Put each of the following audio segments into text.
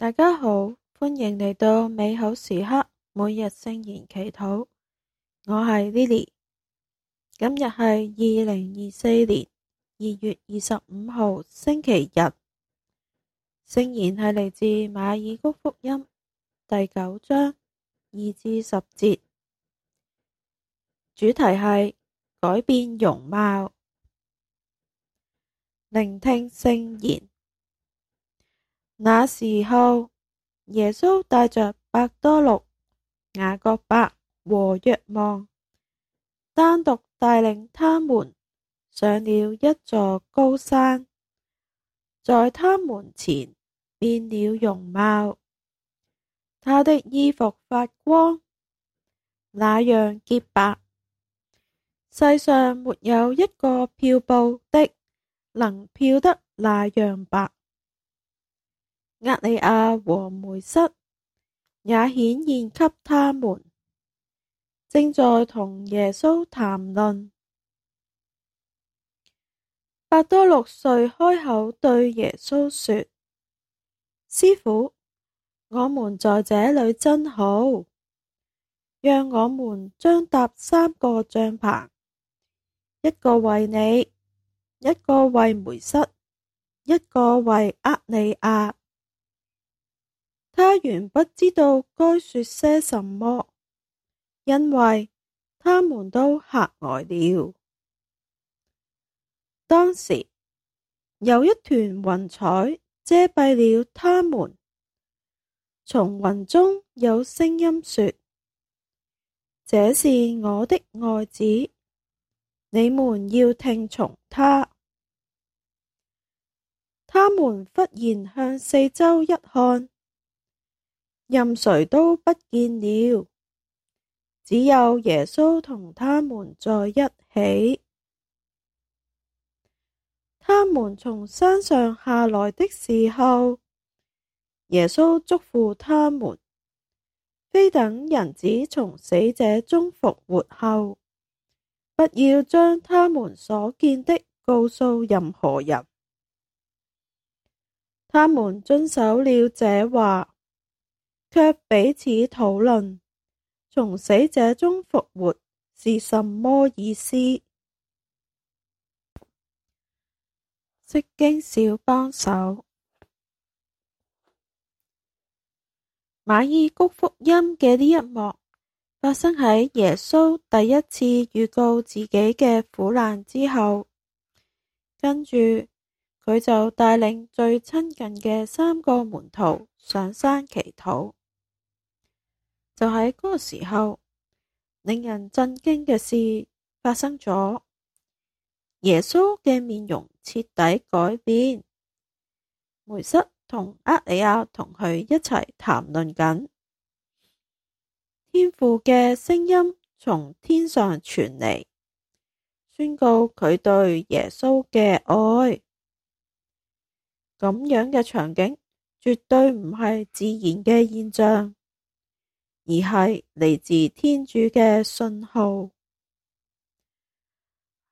大家好，歡迎嚟到美好時刻，每日聖言祈禱。我係 Lily，今日係二零二四年二月二十五號星期日。聖言係嚟自馬爾谷福音第九章二至十節，主題係改變容貌。聆聽聖言。那時候，耶穌帶着伯多祿、雅各伯和若望，單獨帶領他們上了一座高山，在他們前變了容貌，他的衣服發光，那樣潔白，世上沒有一個漂布的能漂得那樣白。厄里亞和梅瑟也顯現給他們，正在同耶穌談論。伯多祿遂開口對耶穌說：師傅，我們在這裏真好，讓我們張搭三個帳棚，一個為你，一個為梅瑟，一個為厄里亞。他原不知道該說些什麼，因為他們都嚇呆了。當時，有一團雲彩遮蔽了他們，從雲中有聲音說：這是我的愛子，你們要聽從他。他們忽然向四周一看。任誰都不見了，只有耶穌同他們在一起。他們從山上下來的時候，耶穌囑咐他們：非等人子從死者中復活後，不要將他們所見的告訴任何人。他們遵守了這話。卻彼此討論從死者中復活是什麼意思。釋經小幫手。馬爾谷福音嘅呢一幕發生喺耶穌第一次預告自己嘅苦難之後，跟住佢就帶領最親近嘅三個門徒上山祈禱。就喺嗰個時候，令人震驚嘅事發生咗。耶穌嘅面容徹底改變，梅瑟同厄里亞同佢一齊談論緊。天父嘅聲音從天上傳嚟，宣告佢對耶穌嘅愛。咁樣嘅場景絕對唔係自然嘅現象。而係嚟自天主嘅信號。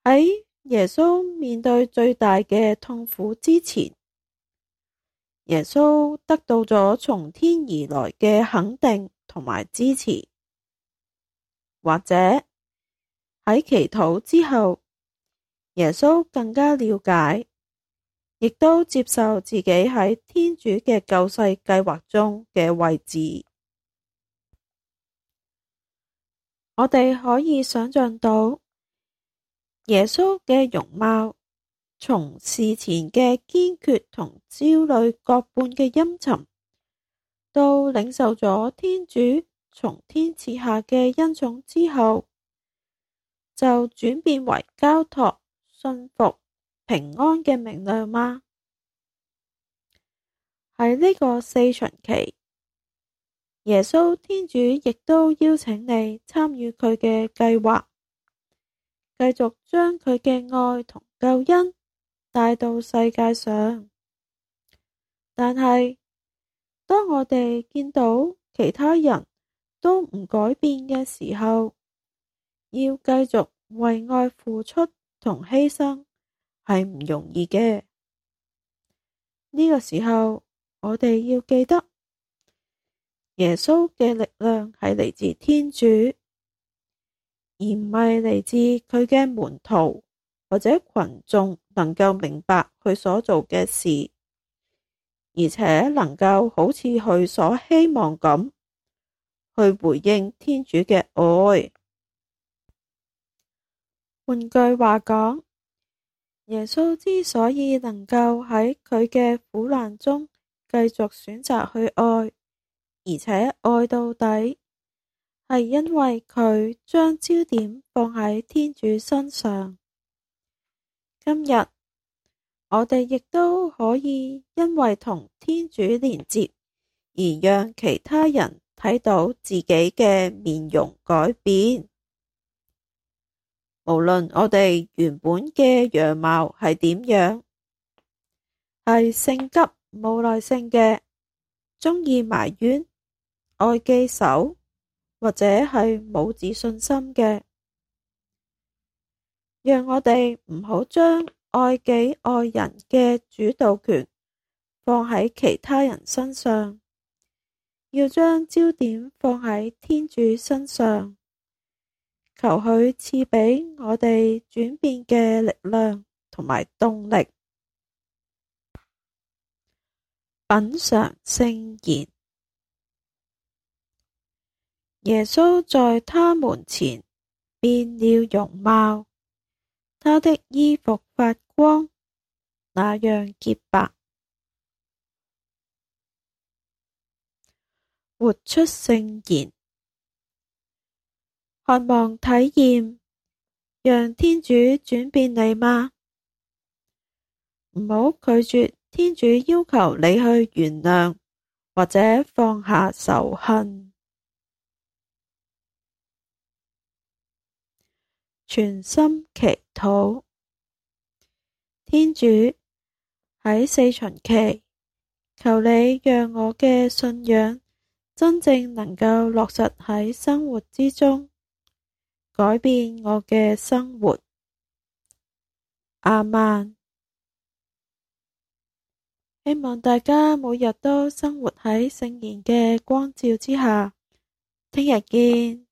喺耶穌面對最大嘅痛苦之前，耶穌得到咗從天而來嘅肯定同埋支持，或者喺祈禱之後，耶穌更加了解，亦都接受自己喺天主嘅救世計劃中嘅位置。我哋可以想象到耶穌嘅容貌，從事前嘅堅決同焦慮各半嘅陰沉，到領受咗天主從天賜下嘅恩寵之後，就轉變為交託、信服、平安嘅明亮嗎？喺呢個四旬期，耶穌天主亦都邀請你參與佢嘅計劃，繼續將佢嘅愛同救恩帶到世界上。但係當我哋見到其他人都唔改變嘅時候，要繼續為愛付出同犧牲係唔容易嘅。呢個時候，我哋要記得。耶穌嘅力量係嚟自天主，而唔係嚟自佢嘅門徒或者群眾能夠明白佢所做嘅事，而且能夠好似佢所希望咁去回應天主嘅愛。換句話講，耶穌之所以能夠喺佢嘅苦難中繼續選擇去愛，而且愛到底係因為佢將焦點放喺天主身上。今日我哋亦都可以因為同天主連接，而讓其他人睇到自己嘅面容改變。無論我哋原本嘅樣貌係點樣，係性急冇耐性嘅，鍾意埋怨。愛記仇，或者係冇自信心嘅，讓我哋唔好將愛己愛人嘅主導權放喺其他人身上，要將焦點放喺天主身上，求佢賜畀我哋轉變嘅力量同埋動力，品嘗聖言。耶穌在他們前變了容貌，他的衣服發光，那樣潔白，活出聖言，渴望體驗，讓天主轉變你嗎？唔好拒絕天主要求你去原諒或者放下仇恨。全心祈禱，天主喺四旬期，求你讓我嘅信仰真正能夠落實喺生活之中，改變我嘅生活。阿曼，希望大家每日都生活喺聖言嘅光照之下。聽日見。